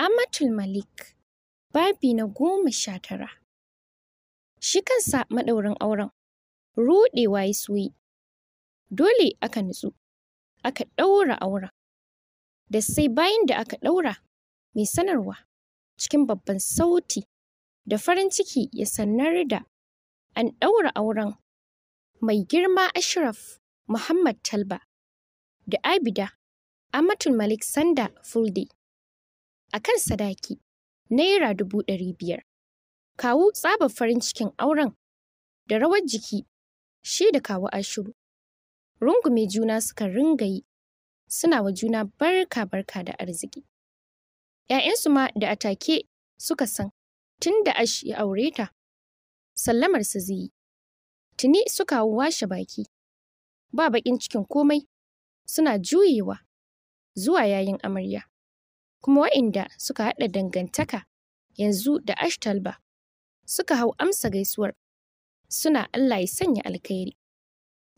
Amatul Malik babi na goma sha tara. Shi kan sa maɗaurin auren ruɗewa ya suyi Dole aka nutsu, aka ɗaura auren. Da sai bayan da aka ɗaura mai sanarwa cikin babban sauti da farin ciki ya sanar da an ɗaura auren mai girma Ashraf Muhammad Talba da Abida Amatul Malik Sanda Fulde. a kan sadaki naira dubu ɗari biyar. Kawu tsaba farin cikin auren da rawar jiki shi da kawu ashiru. Rungume juna suka ringayi, suna wa juna barka-barka da arziki. ‘Ya'yansu ma da atake suka san tun da ash ya aure ta, sallamar su zai yi. Tuni suka washe baki, ba baƙin cikin komai suna juyewa zuwa yayin amarya. kuma waɗanda suka haɗa dangantaka yanzu da Ashtalba suka hau amsa gaisuwar suna Allah ya sanya alkhairi.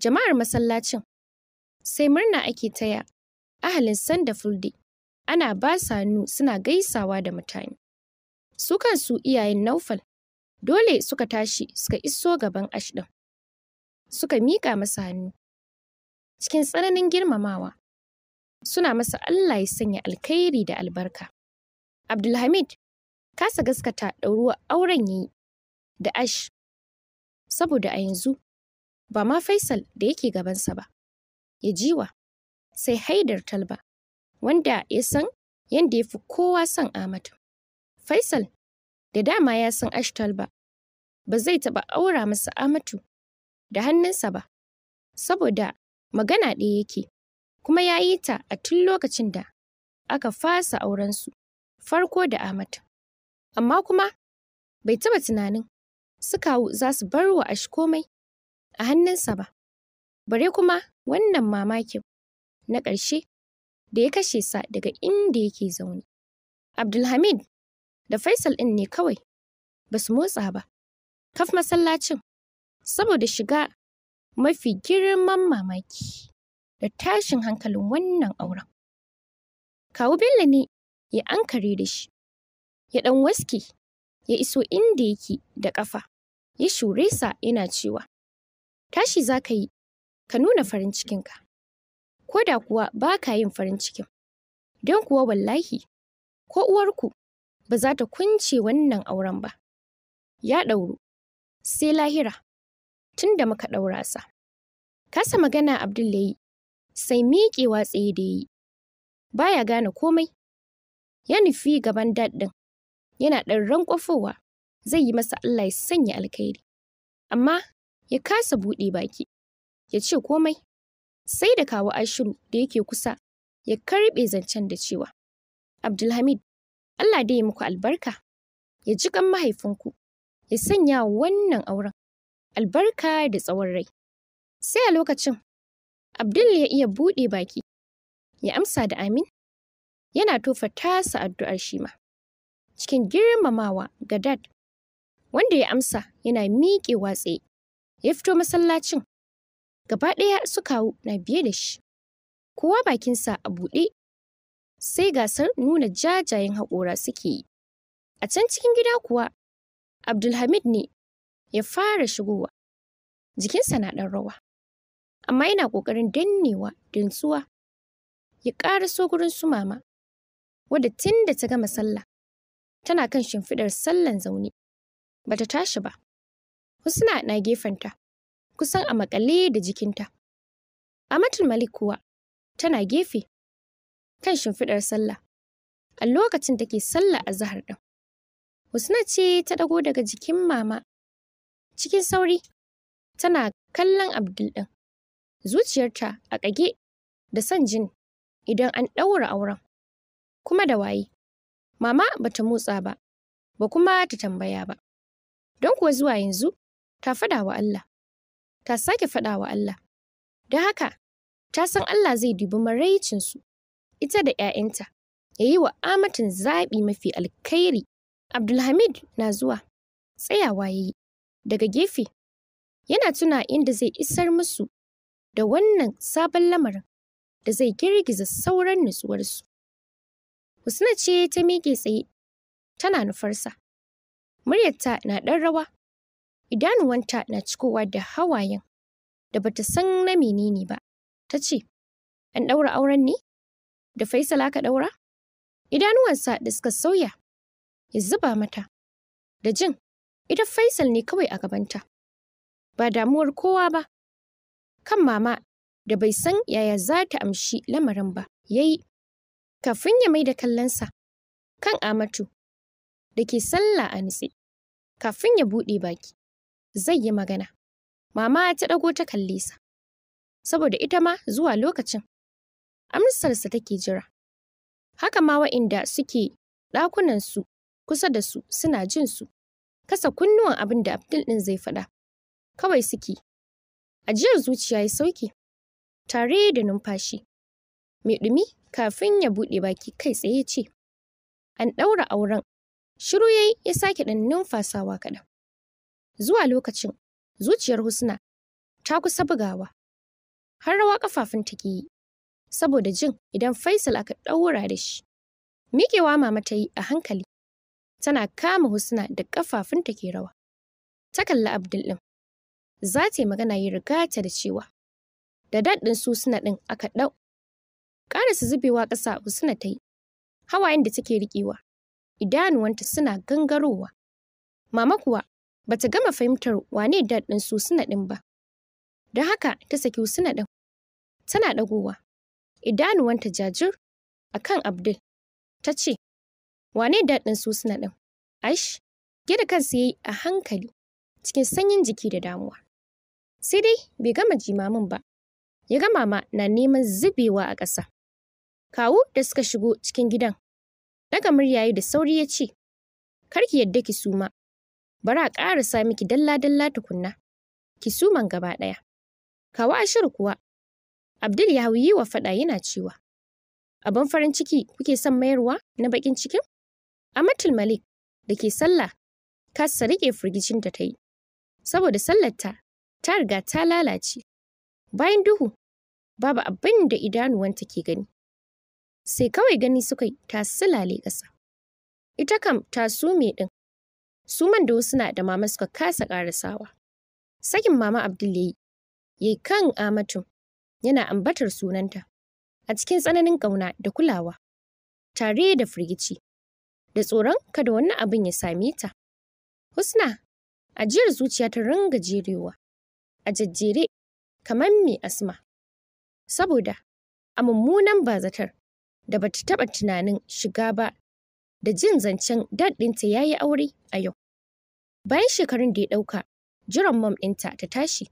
Jama'ar masallacin sai murna ake taya ahalin sanda fulde ana ba sanu hannu suna gaisawa da mutane. Su kansu iyayen Naufal dole suka tashi suka iso gaban ash ɗin. Suka miƙa masa hannu cikin tsananin girmamawa. suna masa Allah ya sanya alkhairi da albarka. Abdulhamid kasa gaskata ɗauruwa auren yi da Ash saboda a yanzu ba ma Faisal da yake gabansa ba, ya jiwa sai haidar talba wanda ya san yadda ya fi kowa son Amatu. Faisal da dama ya san Ash talba ba zai taɓa aura masa Amatu da hannunsa ba, saboda magana ɗaya yake kuma ya yi ta a tun lokacin da aka fasa aurensu farko da Ahmad. Amma kuma bai taɓa tunanin su kawu za su bar wa ash komai a hannunsa ba. Bare kuma wannan mamakin na ƙarshe da ya kashe sa daga inda yake zaune. Abdulhamid da Faisal ɗin ne kawai ba su motsa ba. Kaf masallacin saboda shiga mafi girman mamaki. da tashin hankalin wannan auren. Kawu Bello ne ya ankare da shi, ya ɗan waske, ya iso inda yake da ƙafa, ya shure sa yana cewa, Tashi za ka yi, ka nuna farin cikinka, ko da kuwa ba ka yin farin cikin, don kuwa wallahi, ko uwarku ba za ta kunce wannan auren ba. Ya ɗauru, sai lahira, tun da muka ɗaura sa. Kasa magana Abdullahi. sai miƙewa tsaye da yi. Ba ya gane komai. Ya nufi gaban daɗin, yana ɗan rankwafowa, zai yi masa Allah ya sanya alkhairi. Amma ya kasa buɗe baki, ya ce komai. Sai da kawo ashiru da yake kusa, ya karɓe zancen da cewa, Abdulhamid, Allah dai muku albarka, ya ji kan mahaifinku, ya sanya wannan auren, albarka da tsawon rai. Sai a lokacin Abdul ya iya buɗe baki, ya amsa da amin, yana tofa tasa addu'ar shi ma. Cikin girmamawa ga dad, wanda ya amsa yana miƙe watse, ya fito masallacin. Gaba ɗaya su kawo na biye da shi, kowa bakinsa a buɗe, sai gasar nuna jajayen haƙora suke yi. A can cikin gida kuwa, Abdulhamid ne ya fara shigowa, jikinsa na ɗan rawa. amma yana ƙoƙarin dannewa dintsuwa ya ƙaraso gurin su mama wadda tun da ta gama sallah tana kan shimfiɗar sallan zaune ba ta tashi ba husna na gefenta kusan a makale da jikinta amatul malik kuwa tana gefe kan shimfiɗar sallah a lokacin take sallah a zahar ɗin husna ce ta ɗago daga jikin mama cikin sauri tana kallon abdul ɗin zuciyarta a ƙage da son jin idan an ɗaura auren. Kuma da waye. Mama ba ta motsa ba, ba kuma ta tambaya ba. Don kuwa zuwa yanzu, ta faɗa wa Allah. Ta sake faɗa wa Allah. Don haka, ta san Allah zai dubi maraicinsu, ita da ‘ya'yanta, ya yi wa amatin zaɓi mafi alkhairi. Abdulhamid na zuwa, tsayawa ya yi, daga gefe, yana tuna inda zai isar musu da wannan sabon lamarin da zai girgiza sauran nutsuwarsu. Husna ce ta miƙe tsaye, tana nufarsa. Muryarta na ɗan rawa, idanuwanta na cikowa da hawayen da bata san na menene ba. Ta ce, An ɗaura auren ne? Da Faisala ka ɗaura? Idanuwansa da suka sauya, ya zuba mata. Da jin, ita Faisal ne kawai a gabanta. Ba damuwar kowa ba, kan mama da bai san yaya za ta amshi lamarin ba ya yi kafin ya mai da kallonsa kan amatu da ke sallah a nutse kafin ya buɗe baki zai yi magana mama ta ɗago ta kalle sa saboda ita ma zuwa lokacin amsarsa take jira haka ma wa'inda suke ɗakunansu kusa da su suna jin su kasa kunnuwan abin da Abdul ɗin zai faɗa kawai suke Ajiyar zuciya ya sauke, tare da numfashi. Mai dumi? kafin ya bude baki kai tsaye ce, An ɗaura auren, shiru yayi ya sake ɗan numfasawa kaɗan. Zuwa lokacin, zuciyar Husna ta kusa bugawa, har rawa ƙafafun take yi, saboda jin idan Faisal aka ɗaura da shi. Miƙewa mama ta yi a hankali, tana kama Husna da ƙafafunta ke rawa. Ta kalli Abdul ɗin, za ta yi magana yi riga ta da cewa da daɗin su suna ɗin aka ɗau. su zubewa ƙasa suna ta yi, hawayen da take riƙewa, idanuwanta suna gangarowa. Mama kuwa ba ta gama fahimtar wane daɗin su suna ɗin ba. Da haka ta saki suna ɗin, tana ɗagowa, idanuwanta jajir a Abdul. Ta ce, wane daɗin su suna ɗin? Aish, gida kansu ya yi a hankali cikin sanyin jiki da damuwa. sai dai bai gama jimamin ba ya ga mama na neman zubewa a ƙasa kawu da suka shigo cikin gidan daga muryayi da sauri ya ce karki ki yadda ki suma bari a sa miki dalla-dalla tukunna ki suman gaba ɗaya kawu ashir kuwa abdul ya yi wa faɗa yana cewa abin farin ciki kuke son mayarwa na baƙin cikin amatul malik da ke sallah kasa riƙe firgicinta ta yi saboda sallarta ta riga ta lalace. Bayan duhu, babu abin da idanuwanta ke gani. Sai kawai gani suka yi ta silale ƙasa. Ita kam ta sume ɗin. Su man da wasu na da mama suka kasa ƙarasawa. Sakin mama Abdul ya yi, ya yi kan Amatu, yana ambatar sunanta, a cikin tsananin ƙauna da kulawa, tare da firgici, da tsoron kada wani abin ya same ta. Husna, ajiyar zuciya ta ringa jerewa. a jajjere kamar mai asma. Saboda a mummunan bazatar da bata taɓa tunanin shiga ba da jin zancen daɗinta ya yi aure a yau. Bayan shekarun da ya ɗauka, jiran mom ɗinta ta tashi.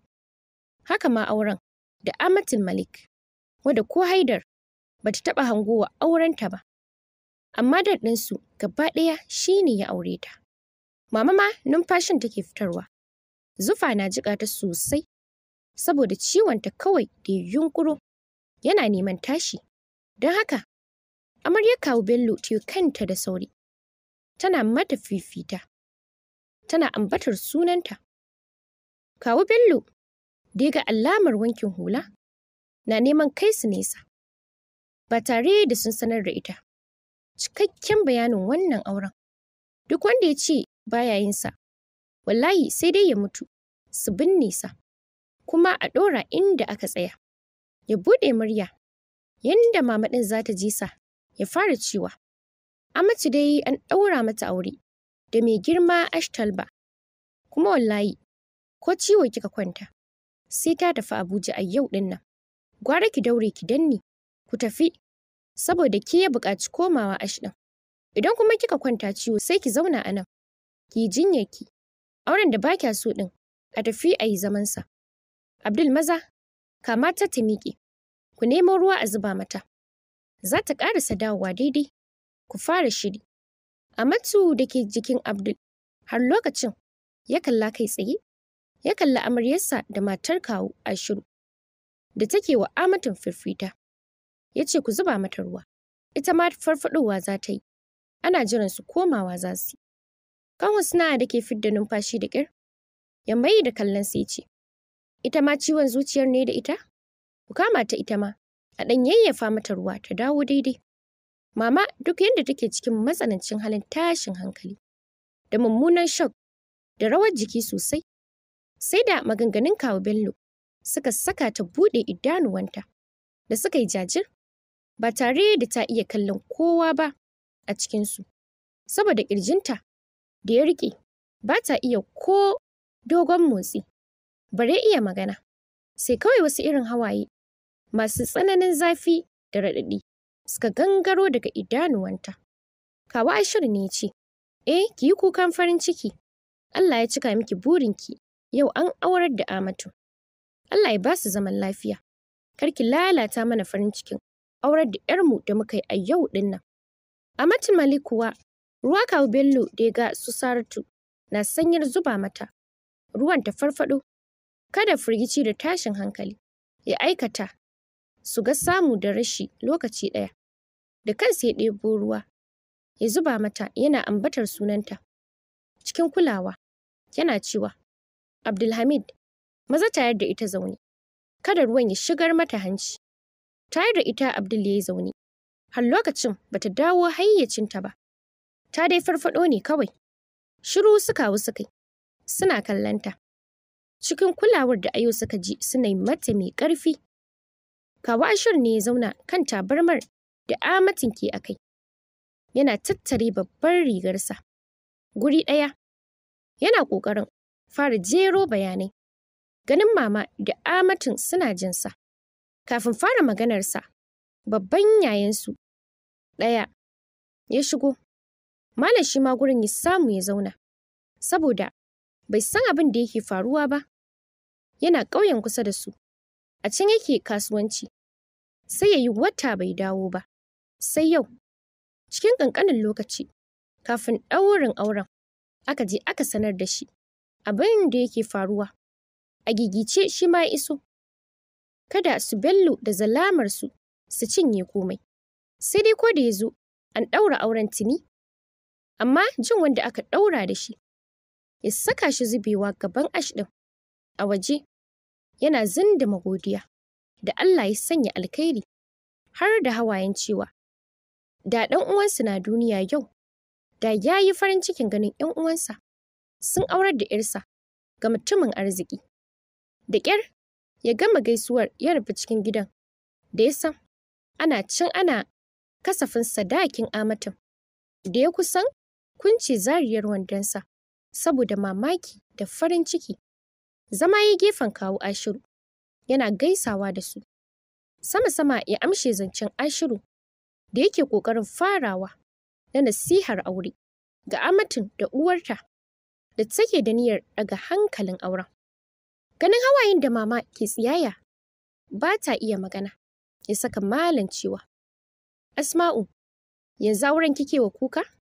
Haka ma auren da Amatin Malik, wadda ko haidar bata taɓa hangowa aurenta ba. Amma daɗinsu ɗinsu gaba ɗaya shi ne ya aure ta. Mama ma numfashin take fitarwa. Zufa na jiƙa ta sosai saboda ciwon ta kawai da yunƙuro yana neman tashi. Don haka, amaryar kawu Bello ta kanta da sauri. Tana mata fifita, tana ambatar sunanta. Kawu Bello da ga alamar wankin hula na neman kai su nesa, ba tare da sun sanar da ita. Cikakken bayanin wannan auren. Duk wanda ya ce baya sa. wallahi sai dai ya mutu su binne sa kuma a ɗora inda aka tsaya ya buɗe murya yanda mama ɗin za ta ji sa ya fara cewa amaci dai an ɗaura mata aure da mai girma ashtalba kuma wallahi ko ciwo kika kwanta sai ta tafi abuja a yau ɗin nan gwara ki daure ki danni. ku tafi saboda ke ya buƙaci komawa ash ɗin idan kuma kika kwanta ciwo sai ki zauna a nan ki jinyar ki auren da ba kya so ɗin, a tafi a yi zamansa. Abdul maza, Kamata ta miƙe, ku nemo ruwa a zuba mata. Za ta ƙarasa dawowa daidai, ku fara shiri. Amatu da ke jikin Abdul, har lokacin ya kalla kai tsaye, ya kalla amaryarsa da matar kawu a shiru, da take wa amatin firfita. Ya ce ku zuba mata ruwa, ita ma farfadowa za ta yi, ana jiran su komawa za su yi. Kanwar suna da ke fidda numfashi da ƙir? Yammai da kallon sai ce, Ita ma ciwon zuciyar ne da ita? Ku kama ta ita ma, a ɗan yayyafa mata ruwa ta dawo daidai. Mama duk yadda take cikin matsanancin halin tashin hankali, da mummunan shock, da rawar jiki sosai, sai da maganganun kawo Bello suka saka ta buɗe idanuwanta da suka yi jajir ba tare da ta iya kallon kowa ba a cikinsu, saboda ƙirjinta da ya riƙe ba ta iya ko dogon motsi, bare iya magana, sai kawai wasu irin hawaye masu tsananin zafi da raɗaɗi suka gangaro daga idanuwanta. Kawu Ashiru ne ya ce, Eh, ki yi kukan farin ciki, Allah ya cika miki burinki, yau an aurar da Amatu. Allah ya ba su zaman lafiya, kar ki lalata mana farin cikin aurar da ‘yarmu da muka yi a yau ɗin nan. Amatu kuwa Ruwa kawu Bello ga su Saratu na sanyar zuba mata, ruwan ta farfaɗo, kada firgici da tashin hankali ya aikata su ga samu da rashi lokaci ɗaya. Da kansa ya ɗebo ruwa ya zuba mata yana ambatar sunanta cikin kulawa yana cewa, Abdulhamid, maza tayar da ita zaune, kada ruwan ya shigar mata hanci. Tayar da ita Abdul ya yi zaune, har lokacin bata dawo hayyacinta ba. ta dai farfaɗo ne kawai. Shiru suka hau suka suna kallanta. Cikin kulawar da ayo suka ji suna yi mata mai ƙarfi. Kawu Ashur ne ya zauna kan tabarmar da Amatin ke akai. Yana tattare babbar rigarsa. Guri ɗaya. Yana ƙoƙarin fara jero bayanai. Ganin mama da Amatin suna jinsa. Kafin fara maganarsa, babban yayansu ɗaya ya shigo Malam shi ma gurin ya samu ya zauna, saboda bai san abin da yake faruwa ba. Yana ƙauyen kusa da su, a can yake kasuwanci, sai ya yi wata bai dawo ba, sai yau, cikin ƙanƙanin lokaci, kafin ɗaurin auren, aka je aka sanar da shi abin da yake faruwa. A gigice shi ma ya iso, kada su bello da zalamarsu su cinye komai. Sai dai ko da ya zo, an ɗaura auren tuni amma jin wanda aka ɗaura da shi ya saka shi zubewa gaban ash ɗin a waje yana zinda magodiya da Allah ya sanya alkhairi har da hawayen cewa da ɗan uwansu na duniya yau da ya yi farin cikin ganin ‘yan uwansa sun aurar da ‘yarsa ga mutumin arziki. Da ƙyar ya gama gaisuwar ya rufe cikin gidan da ya san ana cin ana kasafin sadakin amatin da ya kusan kunce zariyar wandonsa saboda mamaki da farin ciki. Zama ya gefen kawo Ashiru, yana gaisawa da su. Sama-sama ya amshe zancen Ashiru da yake ƙoƙarin farawa na nasihar aure ga amatin da uwarta da take da niyyar daga hankalin auren. Ganin hawayen da mama ke tsiyaya ba ta iya magana, ya saka malam cewa. Asma'u, yanzu auren kike wa kuka?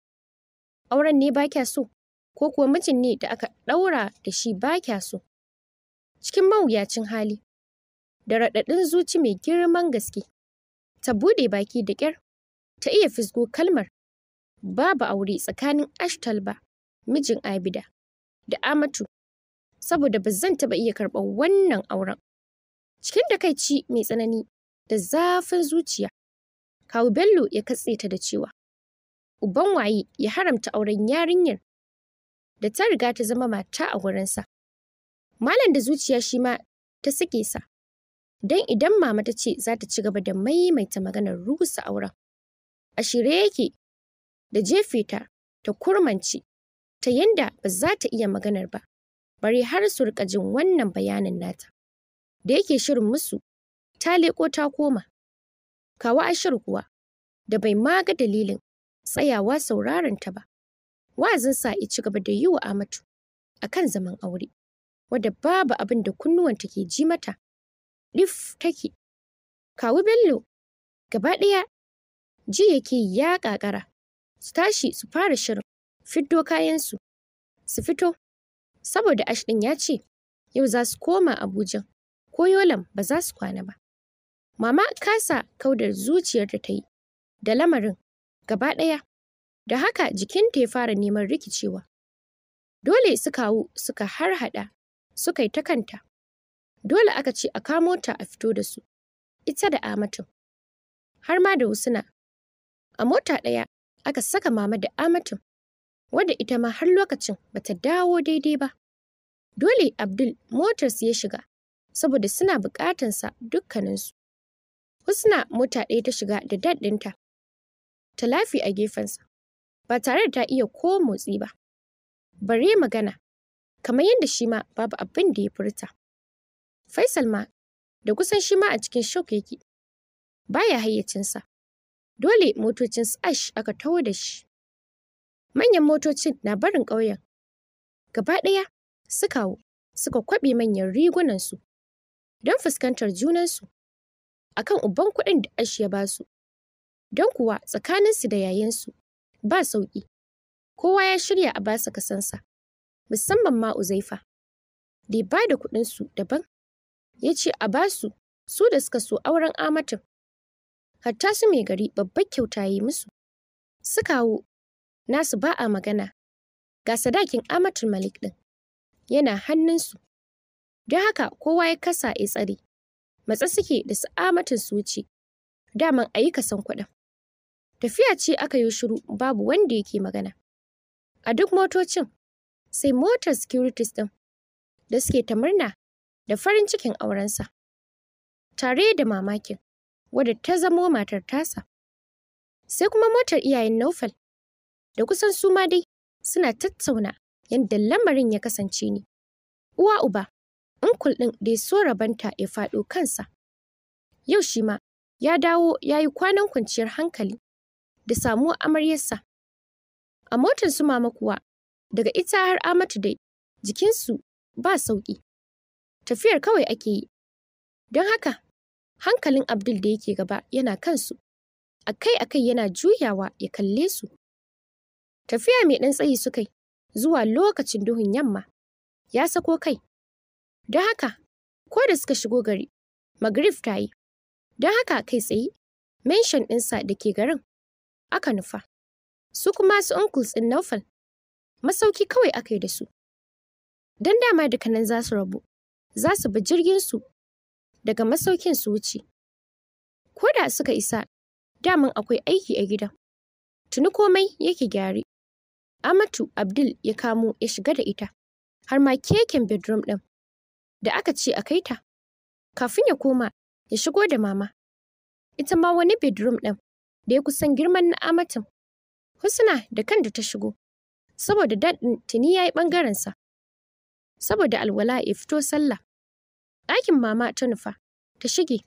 auren ne ba kya so, ko kuwa mijin ne da aka ɗaura da shi ba kya so. Cikin mawuyacin hali, da raɗaɗin zuci mai girman gaske, ta buɗe baki da ƙyar, ta iya fisgo kalmar, babu aure tsakanin ba, mijin Abida, da Amatu, saboda ba zan taɓa iya karɓar wannan auren. Cikin takaici mai tsanani da zafin zuciya, Kawu Bello ya katse ta da cewa, uban waye ya haramta auren yarinyar da ta riga ta zama mata a wurinsa. Malam da zuciya shi ma ta sike sa, don idan mama ta ce za ta ci gaba da maimaita maganar rusa auren. A shirye yake da jefe ta ta kurmanci ta yanda ba za ta iya maganar ba, bari har su rika jin wannan bayanin nata. Da yake shirin musu, ta leko ta koma. kawa a kuwa, da bai maga dalilin tsayawa sauraron ta ba. sa i ci gaba da yi wa Amatu a kan zaman aure, wadda babu abin da kunnuwanta ke ji mata, ɗif take. Kawu Bello, gaba ɗaya, ji yake ya ƙaƙara, su tashi su fara shirin, fiddo kayansu, su fito, saboda ash ɗin ya ce, yau za su koma Abuja, ko Yolam ba za su kwana ba. Mama kasa kaudar zuciyar da ta yi, da lamarin gaba ɗaya. Da haka jikinta ya fara neman rikicewa. Dole su kawo suka harhaɗa suka yi ta kanta. Dole aka ce a kamo ta a fito da su, ita da Amatu. Har ma da Husna. A mota ɗaya aka saka mama da Amatu, wadda ita ma har lokacin bata dawo daidai ba. Dole Abdul motarsu ya shiga, saboda suna bukatansa dukkaninsu. Husna mota ɗaya ta shiga da daddinta, ta lafi a gefensa, ba tare da ta iya ko motsi ba. Bare magana, kamar yadda shi ma babu abin da ya furta. Faisal ma, da kusan shi ma a cikin shauk yake, ya hayyacinsa. Dole motocin sash aka taho da shi. Manyan motocin na barin ƙauyen. Gaba ɗaya su kawo, suka kwaɓe manyan rigunansu don fuskantar junansu akan uban kuɗin da Ash ya basu. don kuwa tsakaninsu da yayansu ba sauƙi. Kowa ya shirya a basa kasansa, musamman ma Uzaifa. Da ba da kuɗinsu daban, ya ce a basu su da suka so auren amatin. Hatta su mai gari babbar kyauta yi musu. Su kawo nasu ba a magana, ga sadakin amatin Malik ɗin, yana hannunsu. Don haka kowa ya kasa ya tsare, matsa suke da su amatin su wuce, daman a yi kasan kuɗin. Tafiya ce aka yi shiru babu wanda yake magana. A duk motocin sai motar securities ɗin da suke ta murna da farin cikin aurensa. Tare da mamakin wadda ta zamo matar tasa. Sai kuma motar iyayen Naufal da kusan su ma dai suna tattauna yadda lamarin ya kasance ne. Uwa uba, in kulɗin da ya so rabanta ya faɗo kansa. Yau shi ma ya dawo ya yi kwanan kwanciyar hankali da samuwa amaryarsa. A motar su mama kuwa, daga ita har Amatu dai, jikinsu ba sauƙi. Tafiyar kawai ake yi. Don haka, hankalin Abdul da yake gaba yana kansu, akai-akai yana juyawa ya kalle su. Tafiya mai ɗan tsayi su kai, zuwa lokacin duhun yamma, ya sako kai. Don haka, ko da suka shigo gari, Magrif ta yi. Don haka kai tsaye, menshon ɗinsa da ke garin aka nufa. Su kuma su uncles in Naufal, masauki kawai aka yi da su. Don dama da nan za su rabu, za su bi jirginsu daga masaukin su wuce. Ko da suka isa, daman akwai aiki a gidan. Tuni komai yake gyare. Amatu Abdul ya kamo ya shiga da ita, har ma keken bedroom ɗin. Da aka ce a kai ta, kafin ya koma ya shigo da mama. Ita ma wani bedroom ɗin da ya kusan girman na amatin. Husna da kanta ta shigo, saboda daɗin tuni ya yi ɓangarensa, saboda alwala ya fito sallah. Ɗakin mama ta nufa, ta shige,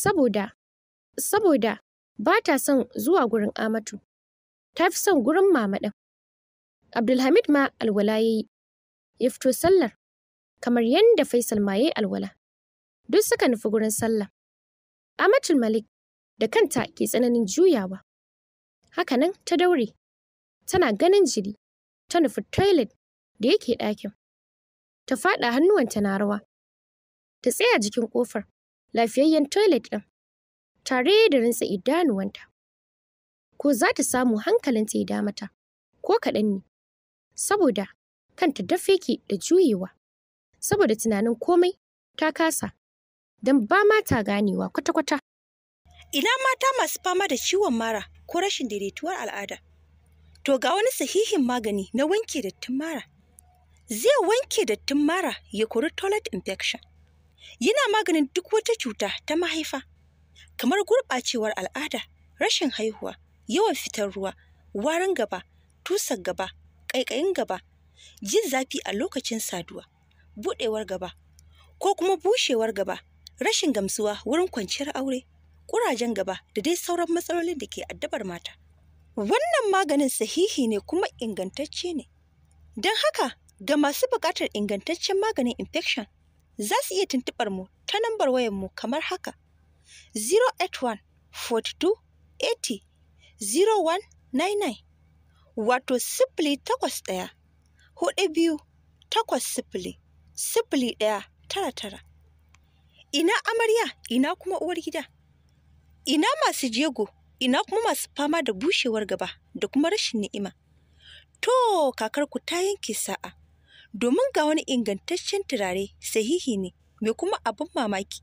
saboda, saboda ba ta son zuwa gurin amatu, ta fi son gurin mama ɗin. Abdulhamid ma alwala ya yi, ya fito sallar, kamar yadda Faisal ma ya yi alwala. Duk suka nufi gurin sallah. Amatul Malik da kanta ke tsananin juyawa. Hakanan ta daure, tana ganin jiri, ta nufi toilet da yake ɗakin. Ta faɗa hannuwanta na rawa. Ta tsaya jikin ƙofar, lafiyayyen toilet ɗin, tare da rintsa idanuwanta. Ko za ta samu hankalinta ya damata, ko kaɗan ne, saboda kanta dafe ke da juyewa, saboda tunanin komai ta kasa, don ba ma ta ganewa kwata-kwata. Ina mata masu fama da ciwon mara ko rashin daidaituwar al'ada? To ga wani sahihin magani na wanke dattin mara. Zai wanke dattin mara ya kori toilet infection. Yana maganin duk wata cuta ta mahaifa, kamar gurɓacewar al'ada, rashin haihuwa, yawan fitar ruwa, warin gaba, tusar gaba, ƙaiƙayin gaba, jin zafi a lokacin saduwa, buɗewar gaba, ko kuma bushewar gaba, rashin gamsuwa wurin kwanciyar aure. ƙurajen gaba da dai sauran matsalolin da ke addabar mata. Wannan maganin sahihi ne kuma ingantacce ne. Don haka ga masu buƙatar ingantaccen maganin infection za su iya tuntuɓar mu ta nambar wayar mu kamar haka 081 42 80 0199 wato sifili takwas ɗaya hudu biyu takwas sifili ɗaya tara tara ina amarya ina kuma uwar gida ina masu jego ina kuma masu fama da bushewar gaba da kuma rashin ni'ima to kakarku ta yanke sa'a domin ga wani ingantaccen turare sahihi ne mai kuma abin mamaki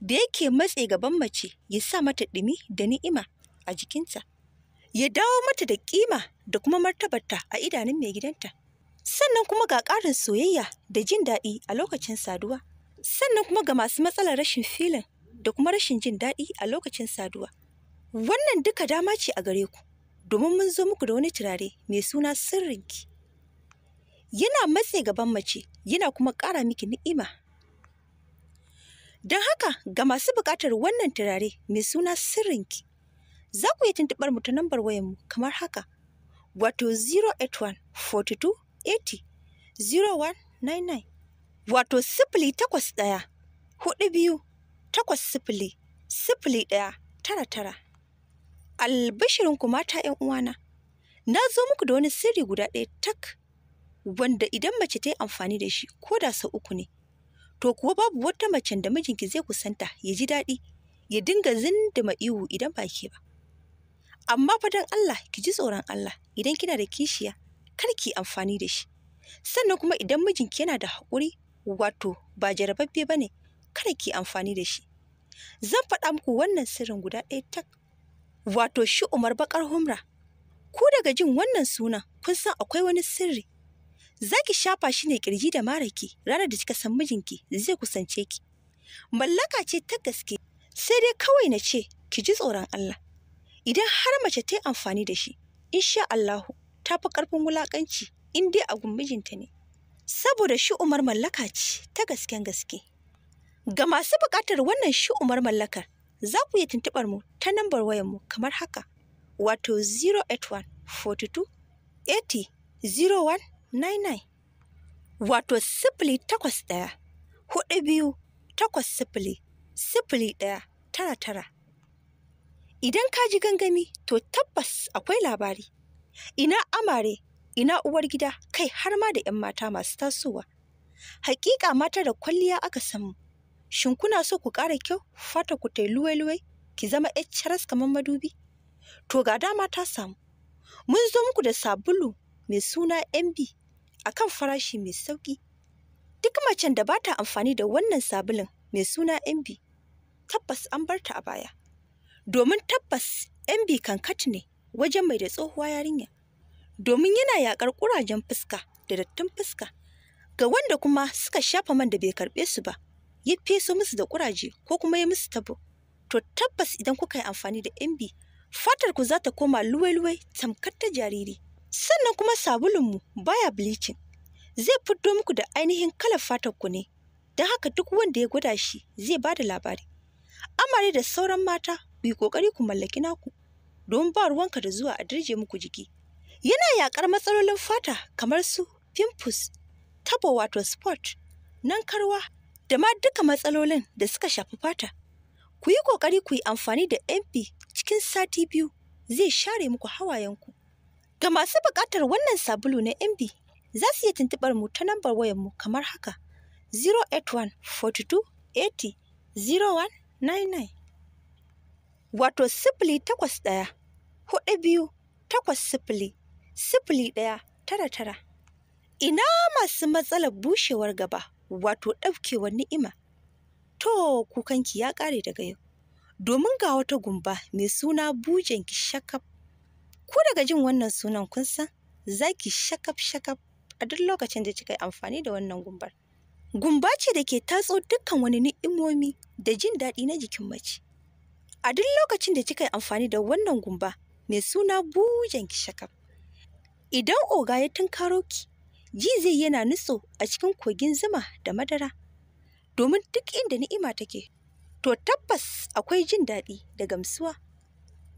da yake matse gaban mace ya sa mata ɗumi da ni'ima a jikinta ya dawo mata da kima da kuma martabarta a idanun mai gidanta sannan kuma ga ƙarin soyayya da jin daɗi a lokacin saduwa sannan kuma ga masu matsalar rashin filin da kuma rashin jin daɗi a lokacin saduwa. Wannan duka dama ce a gare ku, domin mun zo muku da wani turare mai suna sirrinki. Yana matse gaban mace, yana kuma ƙara miki ni'ima. Don haka ga masu buƙatar wannan turare mai suna sirrinki, za ku yi tuntuɓar ta nambar wayanmu kamar haka, wato 081 42 80 0199 wato sifili takwas ɗaya hudu biyu takwas sifili sifili ɗaya tara tara. Albishirinku mata ‘yan uwana, na zo muku da wani sirri guda ɗaya tak wanda idan mace ta yi amfani da shi ko da sau uku ne. To kuwa babu wata macen da mijinki zai kusanta ya ji daɗi ya dinga zindima ihu idan ba ke ba. Amma fadan Allah ki ji tsoron Allah idan kina da kishiya kar ki amfani da shi. Sannan kuma idan mijinki yana da haƙuri wato ba jarababbe ba ne kada ki amfani da shi zan faɗa muku wannan sirrin guda ɗaya tak wato shi umar bakar humra ku daga jin wannan sunan kun san akwai wani sirri za ki shafa shi ne kirji da maraki ranar da kika san mijinki zai kusance ki mallaka ce ta gaske sai dai kawai na ce ki ji tsoron Allah idan har mace ta yi amfani da shi insha Allahu ta fi ƙarfin wulaƙanci in dai a mijinta ne saboda shi umar mallaka ce ta gasken gaske Ga masu buƙatar wannan shi umar mallakar, za ku iya tuntuɓar mu ta nambar mu kamar haka, wato 081 42 80 0199 wato sifili takwas ɗaya, huɗu biyu takwas sifili, sifili ɗaya tara tara. Idan ka ji gangami to tabbas akwai labari. Ina amare, ina uwar gida kai har ma da ‘yan mata masu tasowa. Hakika mata da kwalliya aka samu. Shin kuna so ku ƙara kyau, fata ku tai luwai-luwai, ki zama HRS kamar madubi? To ga dama ta samu. Mun zo muku da sabulu mai suna MB a kan farashi mai sauƙi. Duk macen da ba ta amfani da wannan sabulun mai suna MB, tabbas an bar ta a baya. Domin tabbas MB kat ne wajen mai da tsohuwa yarinya. Domin yana yaƙar ƙurajen fuska da dattin fuska ga wanda kuma suka shafa man da bai karɓe su ba. ya feso musu da kuraje ko kuma ya musu tabo to tabbas idan kuka yi amfani da mb fatar ku za ta koma luwai-luwai tamkar ta jariri sannan kuma sabulunmu baya bleaching zai fito muku da ainihin kalar fatar ku ne don haka duk wanda ya gwada shi zai ba da labari amare da sauran mata ku yi kokari ku mallaki naku don ba ruwanka da zuwa a dirje muku jiki yana yakar matsalolin fata kamar su pimples tabo wato spot nankarwa. da ma duka matsalolin da suka shafi fata. Ku yi ƙoƙari ku yi amfani da MP cikin sati biyu zai share muku hawayenku. Ga masu buƙatar wannan sabulu na MP za su iya tuntuɓar mu ta nambar wayarmu kamar haka 081 42 80 99 wato sifili takwas ɗaya hudu biyu takwas sifili sifili ɗaya tara tara ina masu matsalar bushewar gaba wato ɗaukewar ni'ima to kukanki ya ƙare daga yau domin ga wata gumba mai suna ki shakaf ku daga jin wannan sunan kun san za ki shakaf shakaf a duk lokacin da kika yi amfani da wannan gumbar gumba ce da ke tatso dukkan wani ni'imomi da jin daɗi na jikin mace a duk lokacin da kika yi amfani da wannan gumba mai suna bujenki shakaf idan oga ya tunkaro ki ji yana nutso a cikin kogin zuma da madara domin duk inda ni'ima take to tabbas akwai jin daɗi da gamsuwa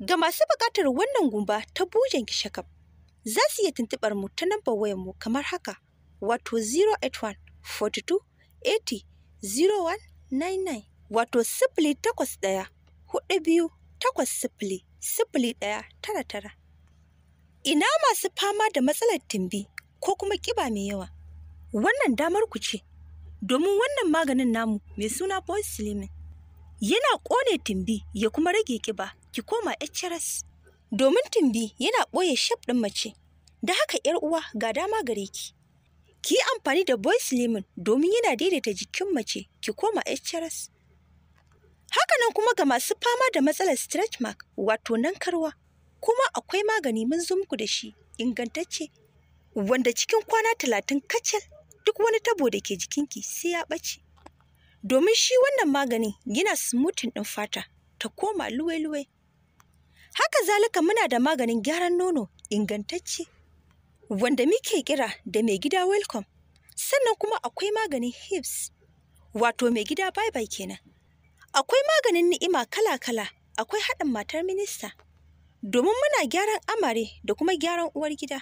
ga masu buƙatar wannan gumba ta bujen kishakaf za su iya tuntuɓar mu ta nambar wayar mu kamar haka wato 081 42 80 99 wato sifili takwas ɗaya hudu biyu takwas sifili ɗaya tara tara ina masu fama da matsalar timbi ko kuma ƙiba mai yawa wannan damar ku ce domin wannan maganin namu mai suna bosulimin yana ƙone tumbi ya kuma rage ƙiba ki koma HRS domin tumbi yana ɓoye shaf ɗin mace da haka ‘yar uwa ga dama gare ki ki yi amfani da bosulimin domin yana daidaita jikin mace ki koma HRS hakanan kuma ga masu fama da matsalar stretch mark wato nan karwa kuma akwai magani mun zo muku da shi ingantacce wanda cikin kwana talatin kacal duk wani tabo da ke jikinki sai ya ɓace. Domin shi wannan maganin yana smoothing ɗin fata ta koma luwai-luwai. Haka zalika muna da maganin gyaran nono ingantacce wanda muke kira da mai gida welcome. Sannan kuma akwai maganin hips wato mai gida bye-bye kenan. Akwai maganin ni'ima kala-kala akwai haɗin matar minista domin muna gyaran amare da kuma gyaran uwar gida.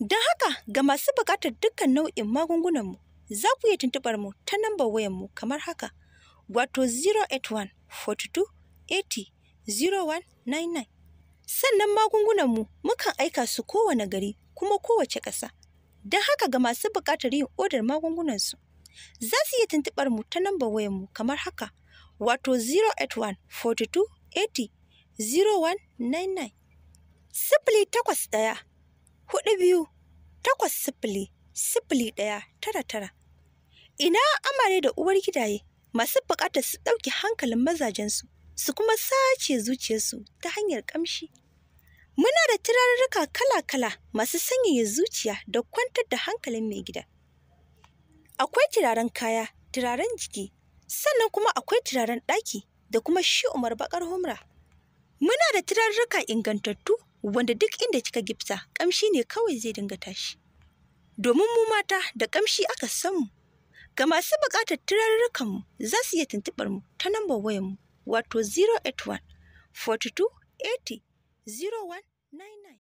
Don haka ga masu buƙatar dukkan nau'in magungunanmu za ku iya tuntuɓar mu ta nambar wayanmu kamar haka wato 081 42 80 0199. Sannan magungunanmu mukan aika su kowane gari kuma kowace ƙasa. Don haka ga masu buƙatar yin odar magungunansu za su iya tuntuɓar mu ta nambar wayanmu kamar haka wato 081 42 80 0199. Sifili takwas ɗaya hudu biyu takwas sifili sifili ɗaya tara tara ina amare da uwar gidaye masu buƙatar su ɗauki hankalin mazajensu su kuma sace zuciyarsu ta hanyar ƙamshi muna da turarruka kala-kala masu sanyaya zuciya da kwantar da hankalin mai gida akwai turaren kaya turaren jiki sannan kuma akwai turaren ɗaki da kuma shi umar bakar humra muna da turarruka ingantattu wanda duk inda kika gifta kamshi ne kawai zai dinga tashi domin mu mata da kamshi aka san mu ga masu buƙatar turarrukan mu za su iya tuntuɓar mu ta namba wayar mu wato 081 42 80 0199